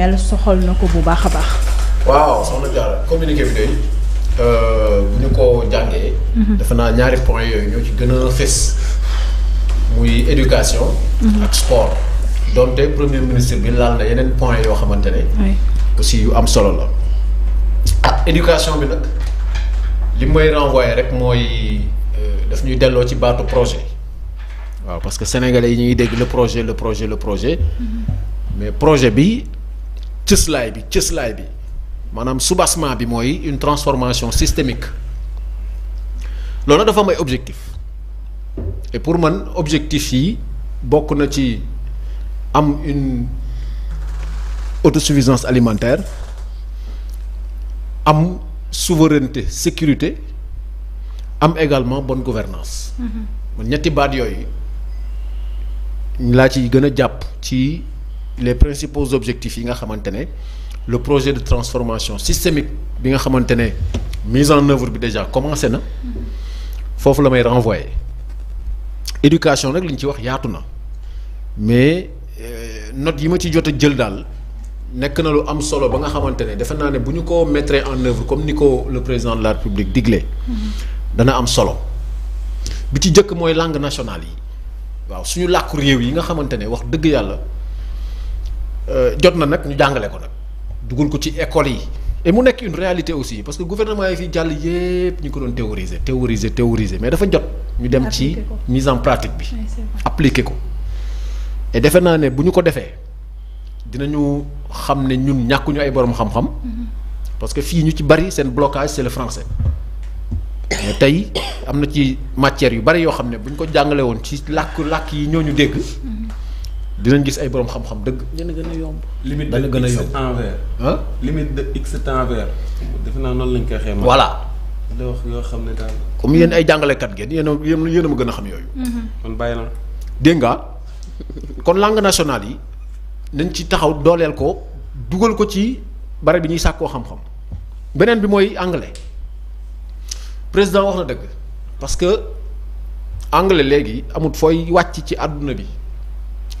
mel soxal na ko bu baax a baax. waaw soxna Diarra communiqué bi day euh, bu ñu ko jàngee. Mhm. defe naa ñaari point yooyu ñoo ci gën a fés muy éducation. Mhm. ak sport. donte premier ministre bi laal na yeneen point yoo xamante ne. aussi yu am solo la. ah éducation bi nag li may renvoyer rek mooy euh, daf ñuy delloo ci baatu projet. waaw parce que sénégalais yi ñuy dégg le projet le projet le projet. Mhm. mais projet bi. cëslaay bi cëslaay bi maanaam soubassement bi mooy une transformation systémique loolu dafa may objectif et pour man objectif yi bokk na ci am une autosuffisance alimentaire am souveraineté sécurité am également bon gouvernance mm-hmm. man ñetti baat yooyu laa ci gën a jàpp ci les principaux objectifs yi nga xamante ne le projet de transformation systémique bi nga xamante ne mise en œuvre bi déjà commencé na foofu la may renvoyer éducation rek li ñu ci wax yaatu na mais euh, notes yi ma ci jot a jël daal nekk na lu am solo ba nga xamante ne defe naa ne bu ñu ko mettre en œuvre comme ni ko le président de la République digle dana am solo bi ci jëkk mooy langue nationale yi waaw suñu làkku réew yi nga xamante ne wax dëgg yàlla Euh, jot na nag ñu jàngale ko nag dugal ko ci école yi et mu nekk une réalité aussi parce que gouvernement yi fi jàll yépp ñu ko doon théoriser théoriser théoriser mais dafa jot ñu dem ci mise en pratique bi appliquer ko et defe naa ne bu ñu ko defee dinañu xam ne ñun ñàkkuñu ay borom xam-xam mm-hmm. parce que fii ñu ci bari seen blocage c'est le français mais tey am na ci matières yu bari yoo xam ne bu ñu ko jàngale woon ci làkk làkk yi ñoo ñu dégg mm-hmm. dinañ gis ay borom xam-xam dëgg. dana gën a yomb. limite gën a yomb envers. ah limite de defe naa noonu lañ koy xeex. voilà. da wax yoo xam ne daal. comme yéen ay jàngalekat ngeen yéen a yéen a ma gën a xam yooyu. Mm-hmm. kon bàyyi na. kon langue nationale yi dañ ci taxaw dooleel ko dugal ko ci bari bi ñuy sàkkoo xam-xam. beneen bi mooy anglais président wax na dëgg parce que anglais léegi amut fooy wàcc ci àdduna bi.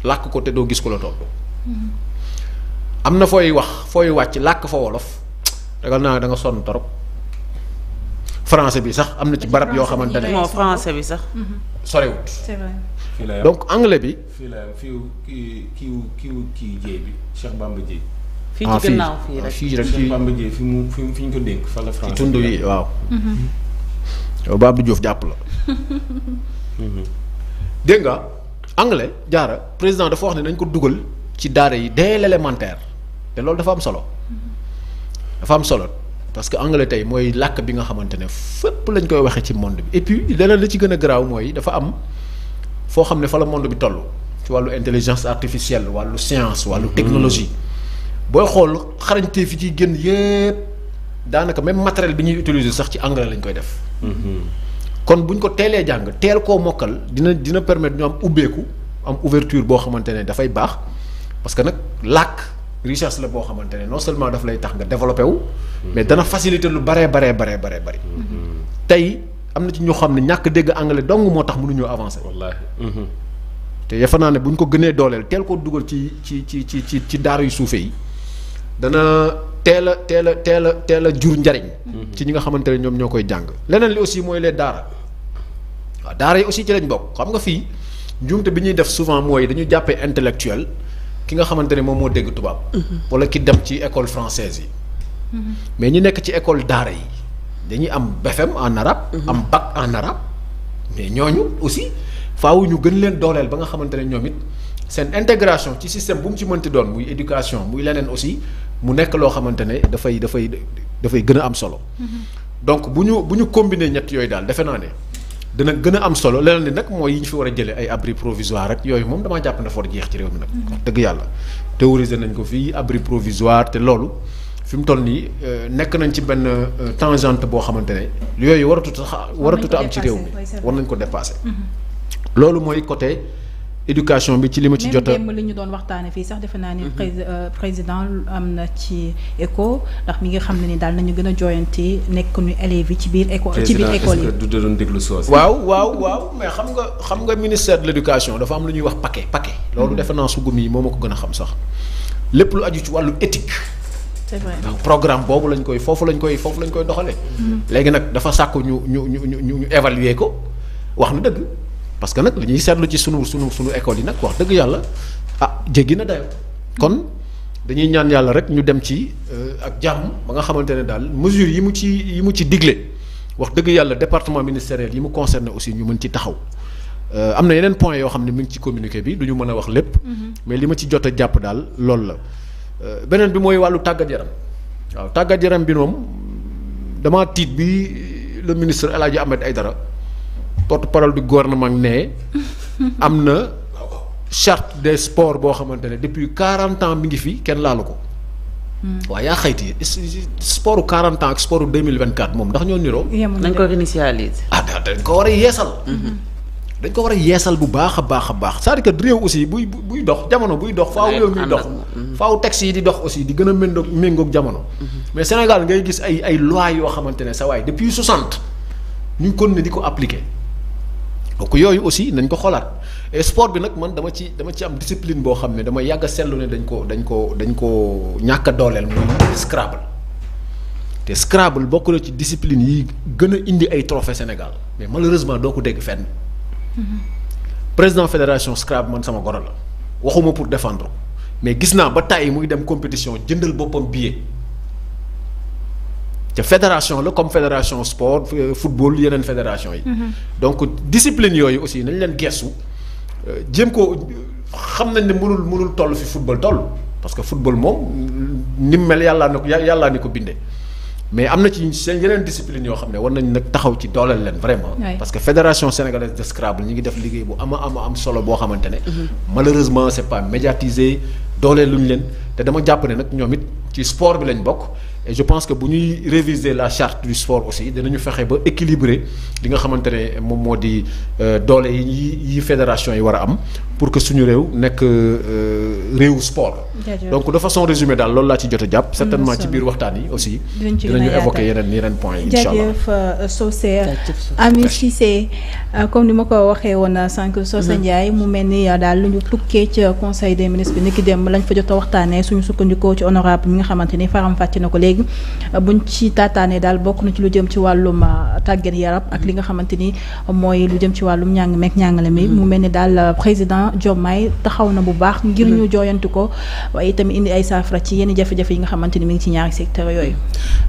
làkk ko te doo gis ku la topp. am na fooy wax fooy wàcc làkk fa wolof ragal naa da nga sonn torop français bi sax am na ci barab yoo xamante ne. non français bi sax. Mhm. sorewut. donc anglais bi. fii la fii kii kii kii kii Dieye bi Cheikh Bamba Dieye. Ah, ah, fi mu fi ñu ko dénk fa la français ci tund yi waaw. Mhm. yow Babou Diouf jàpp la. dégg anglais jaara président dafa wax ne nañ ko dugal ci daara yi dès l'élémentaire te loolu dafa am solo dafa am solo parce que anglais tey mooy làkk bi nga xamante ne fépp lañ koy waxee ci monde bi et leneen la ci gën a garaaw mooy dafa am foo xam ne fa la monde bi toll ci wàllu intelligence artificielle wàllu science wàllu mm-hmm. technologie booy xool xarañte fi ci génn yépp daanaka même matériel bi ñuy utiliser sax ci anglais lañ koy def mm-hmm. kon bu ñu ko teelee jàng teel koo mokkal dina dina permettre ñu am ubbeeku am ouverture boo xamante ne dafay baax parce que nag làkk richesse la boo xamante ne non seulement daf lay tax nga développé wu. mais dana faciliter lu baree baree baree baree bari. tey am na ci ñoo xam ne ñàkk dégg anglais dong moo tax mënuñoo avancer. wallaahi. te yafa naa ne bu ñu ko gënee dooleel teel koo dugal ci ci ci ci ci ci daara yu suufee yi dana teel a teel a teel a teel a jur njariñ. Mhm. ci ñi nga xamante ne ñoom ñoo koy jàng leneen li aussi mooy les daara. waaw daara yi aussi ci lañ bokk xam nga fii njuumte bi ñuy def souvent mooy dañu jàppee intellectuel ki nga xamante ne moom moo dégg tubaab. Mhm. wala ki dem ci école française yi. Mhm. mais ñu nekk ci école daara yi dañuy am BFM en arabe. Mhm. am bac en arabe. mais ñooñu aussi faaw ñu gën leen dooleel ba nga xamante ne ñoom it seen intégration ci système bu mu ci mënti doon muy éducation muy leneen aussi mu nekk loo xamante ne dafay dafay dafay gën a am solo. bu ñu bu ñu combiner ñett yooyu daal defe naa ne. dana gën a am solo leneen li nag mooy yi ñu fi war a jëlee ay abri provisoire rek yooyu moom damaa jàpp ne dafa a jeex ci réew mi nag. wax mm-hmm. yàlla théorisé nañ ko fii abri provisoire te loolu fi mu toll nii euh, nekk nañ ci benn euh, tangente boo xamante ne yooyu waratut xa waratut a am ci réew mi war nañ ko dépasser. Mm-hmm. loolu mooy côté. éducation bi ci li ma ci jot a même ñu doon waxtaanee fii sax defe naa ni mhm. euh, président am na ci écho ndax mi nga xam ne ni daal ñu gën a jooyante nekk ñu élèves yi ci biir école ci biir école yi du doon déglu soos waaw waaw waaw mais xam nga xam nga ministère de l' éducation dafa am lu ñuy wax paquet paquet mhm. loolu defe naa sugum yi moo ma ko gën a xam sax lépp lu aju ci wàllu éthique c'est vrai programme boobu lañ koy foofu lañ koy foofu lañ koy doxalee mhm. léegi nag dafa sàkk ñu ñu ñu ñu ñu évaluer ko wax na dëgg parce que nag li ñuy seetlu ci sunu sunu sunu école yi nag wax dëgg yàlla ah jéggi na dayo kon dañuy ñaan yàlla rek ñu dem ci euh, ak jàmm ba nga xamante ne daal mesures yi mu ci yi mu ci digle wax dëgg yàlla département ministériel yi mu concerné aussi ñu mën ci taxaw euh, am na yeneen point yoo xam ne mi ngi ci communiqué bi du ñu mën a wax lépp. Mm-hmm. mais li ma ci jot a jàpp daal loolu la. Euh, beneen bi mooy wàllu tàggat yaram waaw tàggat yaram bi moom dama tiit bi le ministre El Hadji Ahmed Aïdara porte-parole du gouvernement ne am na charte des sports boo xamante ne depuis quarant ans mi ngi fi kenn laalu ko. Hmm. waaw yaa xayti sportu 40 ans ak sportu 2024 moom ndax ñoo niroo. Ah, dañ ko initialiser. ah dañ war a yeesal. Hmm. dañ ko war a yeesal bu baax a baax a baax c'est-à-dire que réew aussi buy buy dox jamono buy dox. faaw réew ñuy dox hmm. faaw texte yi di dox aussi di gën a méngóog méngóog jamono. mais Sénégal ngay gis ay ay loi yoo xamante ne sa waay depuis 60 ñu ngi kon di ko appliquer. donc yooyu aussi nañ ko xoolaat et sport bi nag man dama ci dama ci am discipline boo xam ne dama yàgg a ne dañ ko dañ ko dañ ko ñàkk a dooleel mooy Scrabble te Scrabble bokk na ci disipline yi gën a indi ay trophée Sénégal mais malheureusement doo ko dégg fenn mm-hmm. président fédération Scrabble man sama goro la waxuma pour défendre mais gis naa ba tàyyi muy dem compétition jëndal boppam bii ca fédération la comme fédération sport euh, football yeneen fédération yi. Mhm. donc discipline yooyu aussi nañ leen gestu euh, jëm ko xam nañ ne mënul mënul toll fi football toll parce que football moom ni mu mel yàllaa ni ko yàllaa ni ko bindee mais am na ci seen yeneen discipline yoo xam ne war nañ nag taxaw ci dooleel leen vraiment. parce que fédération sénégalaise de Scrabble ngi def liggéey bu ama ama am solo boo xamante ne. Mhm. malheureusement c'est pas lu ñu leen te dama jàpp nag ñoom it ci sport bi bokk. je pense que bu ñuy réviser la charte du sport aussi dinañu fexe ba équilibrer li nga xamante ne moom moo di euh, doole yi yi fédération yi war a am pour que suñu réew nekk euh, réewu sport donc de façon résumée daal loolu laa ci jot a jàpp certainement ci biir waxtaan yi aussi dinañu évoquer yeneen yeneen point yi incha allah euh, euh, euh, comme ni ma ko waxee woon sànq Socé mm-hmm. mu mel ni daal lu ñu tukkee ci conseil de ministres bi ni ki dem lañ fa jot a waxtaanee suñu sukkandikoo ci honorable mi nga xamante ni faram fàcce na ko léegi buñ ci taataanee daal bokk na ci lu jëm ci wàllum tàggat yaram ak li nga xamante ni mooy lu jëm ci wàllum ñàng meeg ñàngale mi mm-hmm. mu mel ni daal président waaye itam indi ay saafara ci yenn jafe-jafe yi nga xamante ni mi ngi ci ñaari secteur yooyu.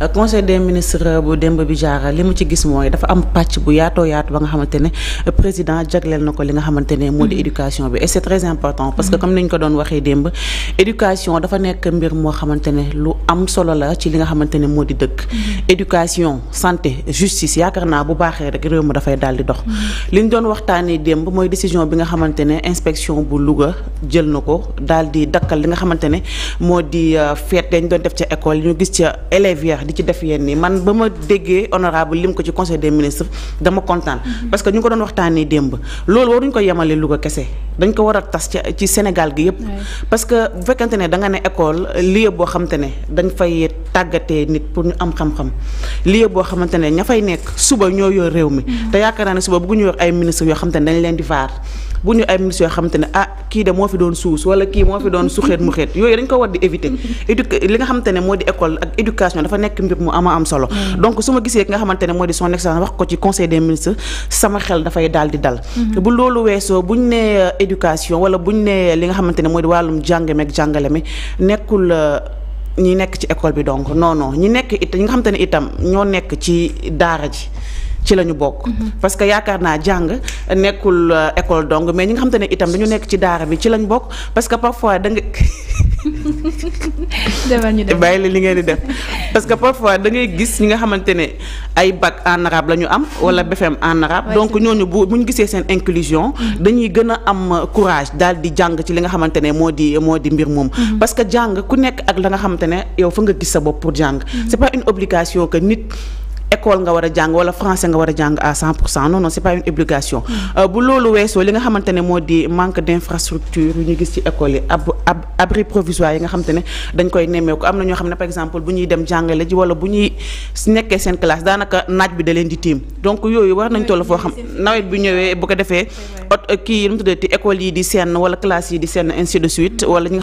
Euh, conseil des ministres euh, bu démb bi jaar li mu ci gis mooy dafa am pàcc bu yaatoo yaatu ba nga xamante ne euh, président jagleel na ko li nga xamante ne moo di mm-hmm. éducation bi et c'est très que mm-hmm. comme ni ko doon waxee démb éducation dafa nekk mbir moo xamante ne lu am solo la ci li nga xamante ne moo di dëkk. Mm-hmm. éducation santé justice yaakaar naa bu baaxee rek réew mi dafay daal di dox. li ñu doon waxtaanee démb mooy décision bi nga xamante ne inspection bu luga jël na ko daal di dakkal li nga xamante xamante ne moo di euh, fête dañ doon def ca école ñu gis ca élèves ya di ci def yenn nii man ba ma déggee honorable lim ko ci conseil des ministres dama kontaan. Mm-hmm. parce ñu ko doon waxtaanee démb loolu waruñ ko yemale Louga kese dañ ko war a tas ci Sénégal gi yëpp. parce bu fekkente ne da nga ne école lieu boo xamante ne dañ fay tàggatee nit pour ñu am xam-xam lieu boo xamante ne ña fay nekk suba ñoo yor réew mi. Mm-hmm. te yaakaar naa ne suba bëgguñu yor ay ministres yoo xamante ne dañ mu xeet yooyu dañ ko war di éviter éduc li nga xamante ne moo di école ak éducation dafa nekk mbir mu ama am solo mm. donc su ma gisee ki nga xamante ne moo di son excellence wax ko ci conseil des ministres sama xel dafay daal di dal mm-hmm. bu loolu weesoo buñ ne euh, éducation wala buñ ne li nga xamante ne moo di wàllum jàng meeg jàngale mi nekkul euh, ñi nekk ci école bi donc non ñi nekk itam ñoo nekk ci daara ji ci la ñu bokk. parce que yaakaar naa jàng nekkul euh, école dong mais ñi nga xam te itam dañu nekk ci daara bi ci lañ bokk parce que parfois da nga. demal ñu def bàyyi la li ngeen di def parce que parfois da ngay gis ñi nga xamante ne ay bac en arabe la ñu am wala BFM en arabe. donc ñooñu bu bu gisee seen inclusion. Mm-hmm. dañuy gën a am courage daal di jàng ci li nga xamante ne moo di moo di mbir moom. Mm-hmm. parce que jàng ku nekk ak la nga xamante ne yow fa nga gis sa bopp pour jàng. Mm-hmm. c'est pas une que nit. école nga war a jàng wala français nga war a jàng à 100 pour cent non c'est pas une obligation euh, bu loolu weesoo li nga xamante ne moo di manque d'infrastructure yu ñu gis ci école yi ab ab abri provisoire yi nga xamante na ñoo xam ne par exemple bu ñuy dem jàngale ji wala bu ñuy nekkee seen classe yi di seen wala classe yi di seen ainsi de suite wala ñi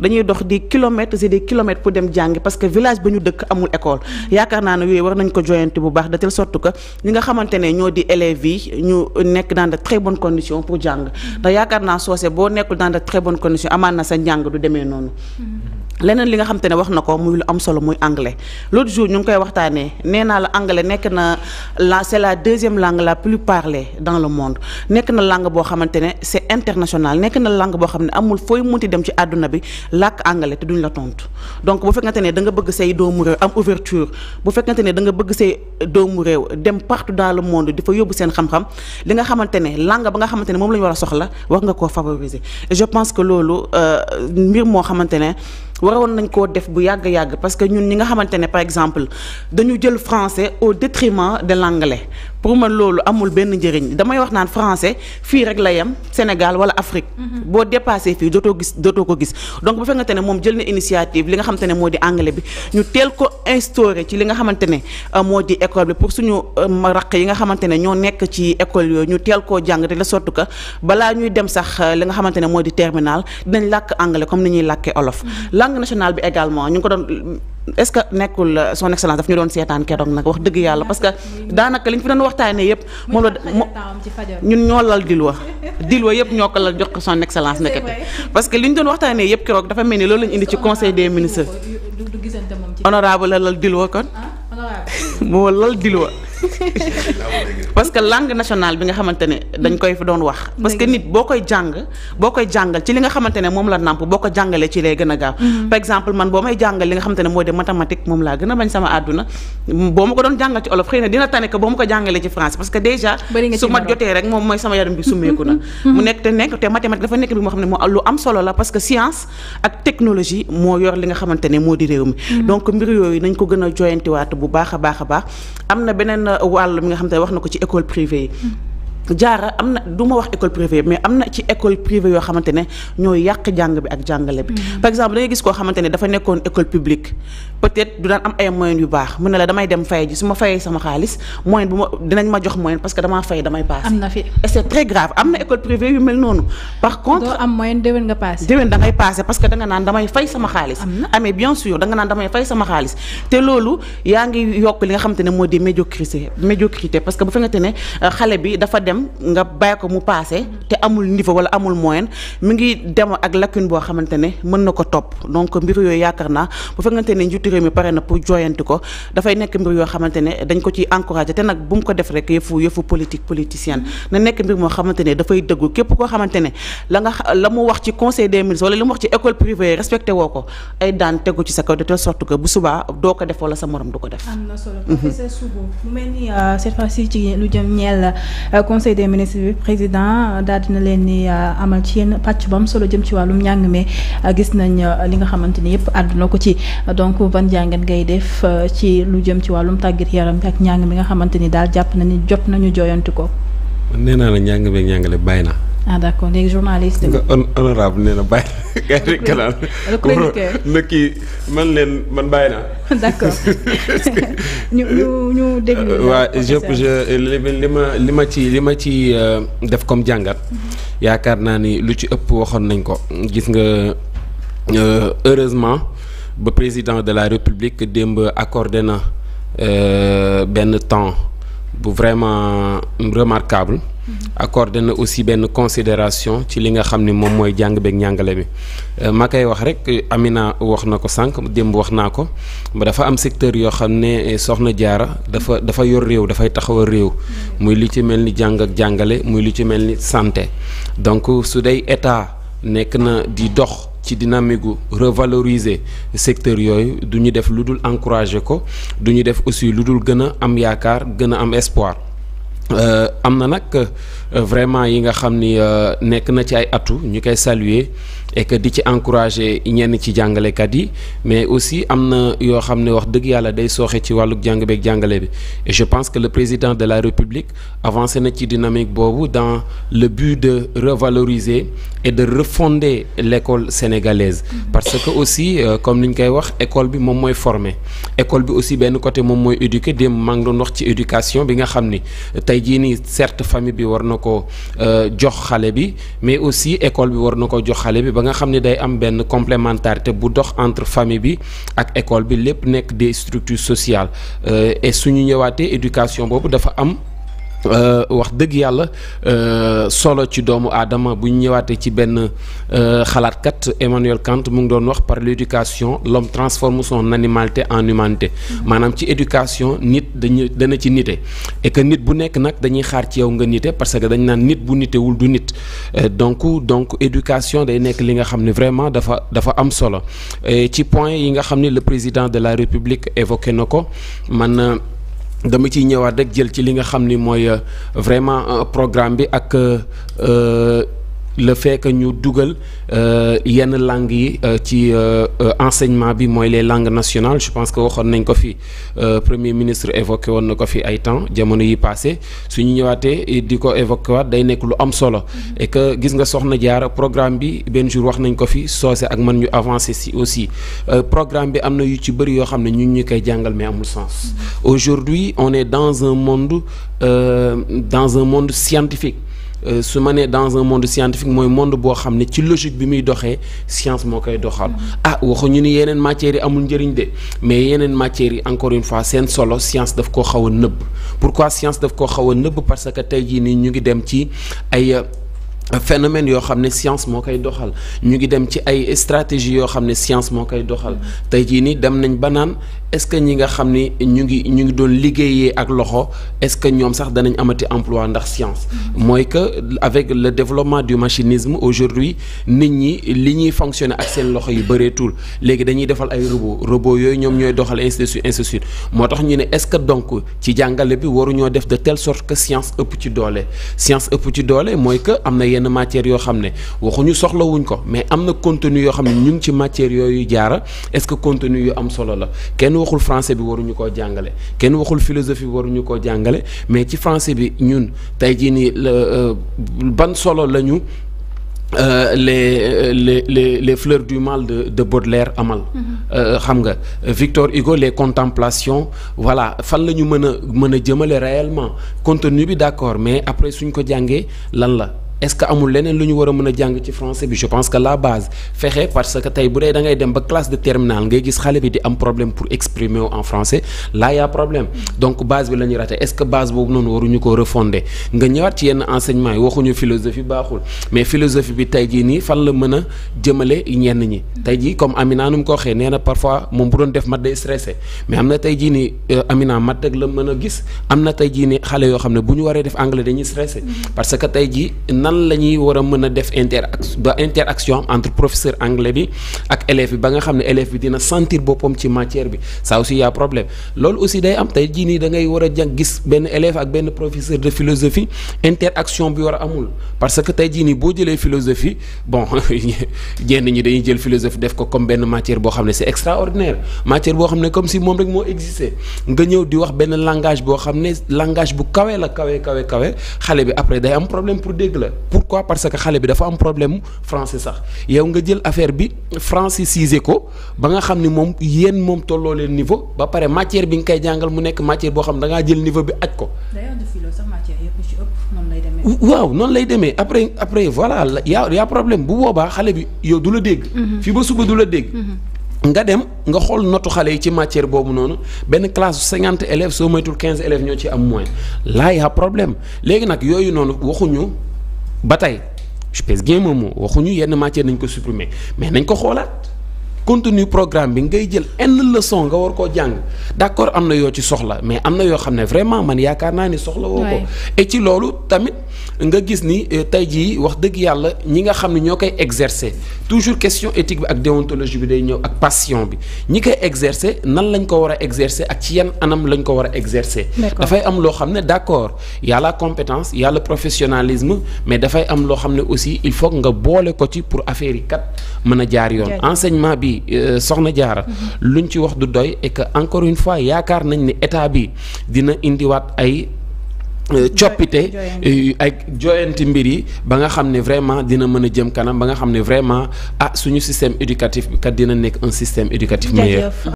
dañuy dox di kilomètres et des pour dem jàngi parce que village ba ñu dëkk amul école mm. yaakaar naa ne yooyu war nañ ko joyante bu baax de telle sorte que ñi nga xamante ne ñoo di élèves yi ñu nekk dans de très bonnes conditions pour jàng ndax mm-hmm. yaakaar naa soose boo nekkul dans de très amaan na sa njàng du demee noonu mm-hmm. leneen li nga xam ne wax na ko muy lu am solo muy anglais l'autre jour ñu ngi koy waxtaanee nee naa la anglais nekk na la c'est la deuxième langue la plus parlée dans le monde nekk na langue boo xamante ne c'est international nekk na langue boo xam ne amul fooy munti dem ci àdduna bi làkk anglais te duñ la tontu donc bu fekkante ne da nga bëgg say doomu réew am bu fekkante ne da nga bëgg say doomu réew dem partout dans le monde di fa yóbbu seen xam-xam li nga xamante ne langue ba nga xamante ne moom la war a soxla war nga koo favoriser je pense que loolu euh, mbir moo xamante ne waroon nañ koo def bu yàgg yàgg parce que ñun ñi nga xamante ne par exemple dañu jël français au détriment de l'anglais pour man loolu amul benn njëriñ damay wax naan français fii rek la yem Sénégal wala Afrique. Mhm. boo dépassé fii dootoo gis dootoo ko gis donc bu fekkente ne moom jël na initiative li nga xamante ne moo di anglais bi ñu teel ko instauré ci li nga xamante ne euh, moo di école bi pour suñu euh, raq yi nga xamante ne ñoo nekk ci école yooyu ñu teel koo jàng de la sorte que balaa ñuy dem sax euh, li nga xamante ne moo di terminal dinañ làkk anglais comme ni ñuy làkkee olof. Mhm. langue national bi également ñu ko doon. est-ce que nekkul euh, son excellence daf ñu doon seetaan keroog nag wax dëgg yàlla parce que daanaka liñ fi doon waxtaanee yëpp moom la ñun ñoo lal dilwa dilwa yëpp ñoo lal jox son excellence nekkati parce que liñ doon waxtaanee yëpp keroog dafa mel ni loolu lañ indi ci conseil des ministres honorable lal dilwa kon moo lal dilwa parce que langue nationale bi nga xamante ne dañ koy doon wax. parce nit boo koy jàng boo koy jàngal ci li nga xamante moom la nàmp boo ko jàngalee ci lay gën a gaaw. Mm-hmm. par exemple man boo may jàngal li nga xamante ne de mathématique mm-hmm. mu nekk te nekk te mathématique dafa nekk bi moo xam ne lu am solo la parce que science ak technologie moo yor li nga xamante ne moo di réew mi mm-hmm. donc mbir yooyu nañ ko gën a joyantiwaat bu baax a baax a baax am na beneen wàll mi nga xam te wax na ko ci école privée yi jaara am na du wax école privée mais am na ci école privée yoo xamante ne ñoo yàq jàng bi ak jàngale bi. Mm-hmm. par exemple da gis koo xamante ne dafa nekkoon école publique peut-être du daan am ay moyens yu baax mu ne la damay dem fay ji su ma fayee sama xaalis moyen bu ma dinañ ma jox moyen parce que damaa fay damay paase. parce que da naan damay fay sama xaalis. amee ah, bien sûr da naan damay fay sama xaalis te loolu yaa ngi yokk li nga xamante dem nga bàyyi ko mu paase te amul niveau wala amul moyen mi ngi dem ak lacune boo xamante mën na ko topp donc mbir yooyu yaakaar naa bu fekkante ne njiitu réew mi pare na pour jooyanti ko dafay nekk mbir yoo xamante dafay dëggu képp koo xamante la nga la mu wax ci conseil des ministres li mu wax ci école privée respecté woo ko ay daan tegu ci sa kaw de telle sorte que bu subaa doo ko def wala sa morom du ko def. conseil des ministres bi président euh, daal dina leen ni euh, amal ci yenn pàcc bam solo jëm ci wàllum njàng mi euh, gis nañ li nga xamante ni yëpp àdduna ko ci donc ban jàngat ngay def ci lu jëm ci wàllum tàggat yaram bi ak njàng mi nga xamante ni daal jàpp na ni jot nañu jooyanti ko. nee naa la njàng beeg njàngale bàyyi na ah d'accord léegi journaliste nga honorable nee na bàyyi na. le chroniqueur na kii man leen man bàyyi naa. d'accord ñu ñu ñu déglu. Euh, waaw je je li ma li ma ci li ma ci euh, def comme jàngat. Mm-hmm. yaakaar naa ni lu ci ëpp waxoon nañ ko. gis nga euh, heureusement ba président de la république démb accordé na benn temps bu vraiment remarquable. Mm-hmm. accordé na aussi benn considération ci li nga xam ni moom mooy jàng beeg njàngale bi euh, ma koy wax rek Amina wax na ko sànq démb wax naa ko ba dafa am secteur yoo xam ne eh, soxna jaara dafa dafa yor réew dafay taxaw a réew mm-hmm. muy li ci mel ni jàng jàngale muy li ci mel ni santé donc su day état nekk na di dox ci dynamique gu revaloriser yooyu duñu def lu dul encourager ko du ñu def aussi lu dul gën a am yaakaar gën a am espoir Euh, am na nag euh, vraiment yi nga xam ni euh, nekk na ci ay atu ñu koy saluer et que di ci encourager ñenn ci jàngalekat yi mais aussi am na yoo xam ne wax dëgg yàlla day sooxe ci wàlluk jàng beeg jàngale bi et je pense que le président de la République avancé na ci dynamique boobu dans le but de revaloriser et de refonder l'école sénégalaise parce que aussi euh, comme ni ñu koy wax école bi moom mooy former école bi aussi benn côté moom mooy éduquer démb maa ngi ci éducation bi nga xam ni tey jii nii certes famille bi war na ko euh, jox xale bi mais aussi école bi war na ko jox xale bi nga xam ne day am benn complémentarité bu dox entre famille bi ak école bi lépp nekk des structures sociales euh, et suñu ñëwaatee éducation boobu dafa am Euh, wax dëgg yàlla euh, solo ci doomu aadama bu ñu ñëwaatee ci benn xalaat euh, xalaatkat Emmanuel Kant mu ngi doon wax par l'éducation l'homme transformation son animalité en humanité mm-hmm. maanaam ci éducation nit dañu dana ci nite et que nit bu nekk nag dañuy xaar ci yow nga nite parce que dañ naan nit bu nitewul du nit donc donc éducation day nekk li nga xam ne vraiment dafa dafa am solo ci point yi nga xam ne le président de la République évoqué na ko man dama ciy ñëwaat rek jël ci li nga xam ni mooy euh, vraiment euh, programme bi ak euh, le fait que ñu dugal euh, yenn langues yi euh, ci euh, enseignement bi mooy les langues nationales je pense que waxoon nañ ko fi premier ministre évoqué woon na ko fi ay temps jamono yi passé suñu ñëwaatee eh, di ko évoqué waat day nekk lu am solo mm-hmm. et que gis nga soxna jaara programme bi benn jour wax nañ ko fi soose ak man ñu avancé si aussi programme bi am na yu ci bëri yoo xam ne ñun ñu koy jàngal mais amul sens mm-hmm. aujourd'hui on est dans un monde euh, dans monde scientifique Euh, su ma nee dans un monde scientifique mooy monde boo xam ne ci logique bi muy doxee science moo koy doxal mm-hmm. ah ñu ni yeneen matières yi amul njëriñ de mais yeneen matières yi encore une fois seen solo science daf ko xaw a nëbb pourquoi science daf koo xaw a nëbb parce que tey jii nii ñu ngi dem ci ay euh, phénomène yoo xam ne science moo koy doxal ñu ngi dem ci ay stratégie yoo xam ne science moo koy doxal tey jii nii dem nañ ba naan est-ce que ñi nga xam ni ñu ngi ñu ngi doon liggéeyee ak loxo est-ce que ñoom sax danañ amati emploi ndax science. mooy que avec le développement du machinisme aujourd'hui nit ñi li ñuy fonctionner ak seen loxo yu bareetul léegi dañuy defal ay robot robo yooyu ñoom ñooy doxal ainsi de moo tax ñu ne est-ce que donc ci jàngale bi waruñoo def de telle sorte que science ëpp ci doole science ëpp ci doole yenn matières yoo xam ne waxuñu soxlawuñ ko mais am na contenu yoo xam ne ñu ngi ci matières yooyu jaara est-ce que contenu yu am solo la kenn waxul français bi waruñu koo jàngale kenn waxul philosophie bi waruñu koo jàngale mais ci français bi ñun tey jii nii euh, ban solo la ñu Euh, les euh, les les les fleurs du mal de de Baudelaire amal. Mm-hmm. Euh, xam nga Victor Hugo les contemplations voilà fan la ñu mën a mën a jëmale réellement contenu bi d'accord mais après suñ ko jàngee lan la. est-ce que amul leneen lu ñu war a mën a jàng ci français bi je pense que que tey bu dem ba classe de terminale ngay gis xale bi di am problème pour exprimer wu en français là y a problème donc base bi la ñuy raté est-ce que base boobu noonu waruñu ko refonder nga ñëwaat ci yenn bi tey jii nii fan la mën a jëmale ñenn ñi tey jii comme Amina nu mu ko waxee nee na parfois moom bu doon def mat day stressé mais am na tey ji ni euh, Amina mat rek la mën a gis am na tey jii ni xale yoo xam ne bu ñu waree def anglais dañuy stressé mm-hmm. parce que tey jii nan la ñuy war a mën a def interaction ba interaction entre professeur anglais bi ak élève bi ba nga xam ne élève bi dina sentir boppam ci matière bi ça aussi y problème loolu aussi day am tey jii nii da ngay war a jàng gis benn élève ak benn professeur de philosophie interaction bi war a amul parce que tey jii nii boo jëlee philosophie bon ñenn ñi dañuy jël philosophie def ko comme benn matière boo xam ne c'est extraordinaire matière boo xam ne comme si moom rek moo existé nga ñëw di wax benn langage boo xam ne langage bu kawe la kawe kawe kawe xale bi après day am problème pour dégg pourquoi parce que xale bi dafa am problème français sax yow nga jël affaire bi francisiser ko ba nga xam ni moom yéen moom tolloo leen niveau ba pare matière bi nga koy jàngal mu nekk matière boo xam ne ngaa jël niveau bi aj ko. waaw noonu lay demee après après voilà yaa yaa problème bu boobaa xale bi yow du la dégg. Mm-hmm. fii ba suba du la dégg. Mm-hmm. nga dem nga xool notu xale yi ci matière boobu noonu benn classe cinquante élèves soo moytul quinze élèves ñoo ci am moins là problème léegi nag yooyu noonu waxuñu. ba tey je pèse bien mon mot waxuñu yenn matière nañ ko supprimer mais nañ ko xoolaat contenu programme bi ngay jël enn leçon nga war koo jàng d'accord am na yoo ci soxla mais am na yoo xam ne vraiment man yaakaar naa ni soxla woo ko et ci loolu tamit nga gis ni euh, tey jii wax dëgg yàlla ñi nga xam ne ñoo koy exercer toujours question étique bi ak déontologie bi day ñëw ak passion bi ñi koy exercer nan lañ ko war a exercer ak ci yan anam lañ ko war a exercer dafay am loo xam ne d'accord y a la compétence y a professionnalisme mais dafay am loo xam ne aussi il faut nga boole ko ci pour affaire yi kat mën a jaar yoon bi euh, soxna jaara lu luñ ci wax du doy et que encore une fois yaakaar nañ ne état bi dina indiwaat ay euh, coppite ak jooyanti euh, mbir yi ba nga xam ne vraiment dina mën a jëm kanam ba nga xam ne vraiment ah suñu système éducatif bi kat dina nekk un système éducatif meilleur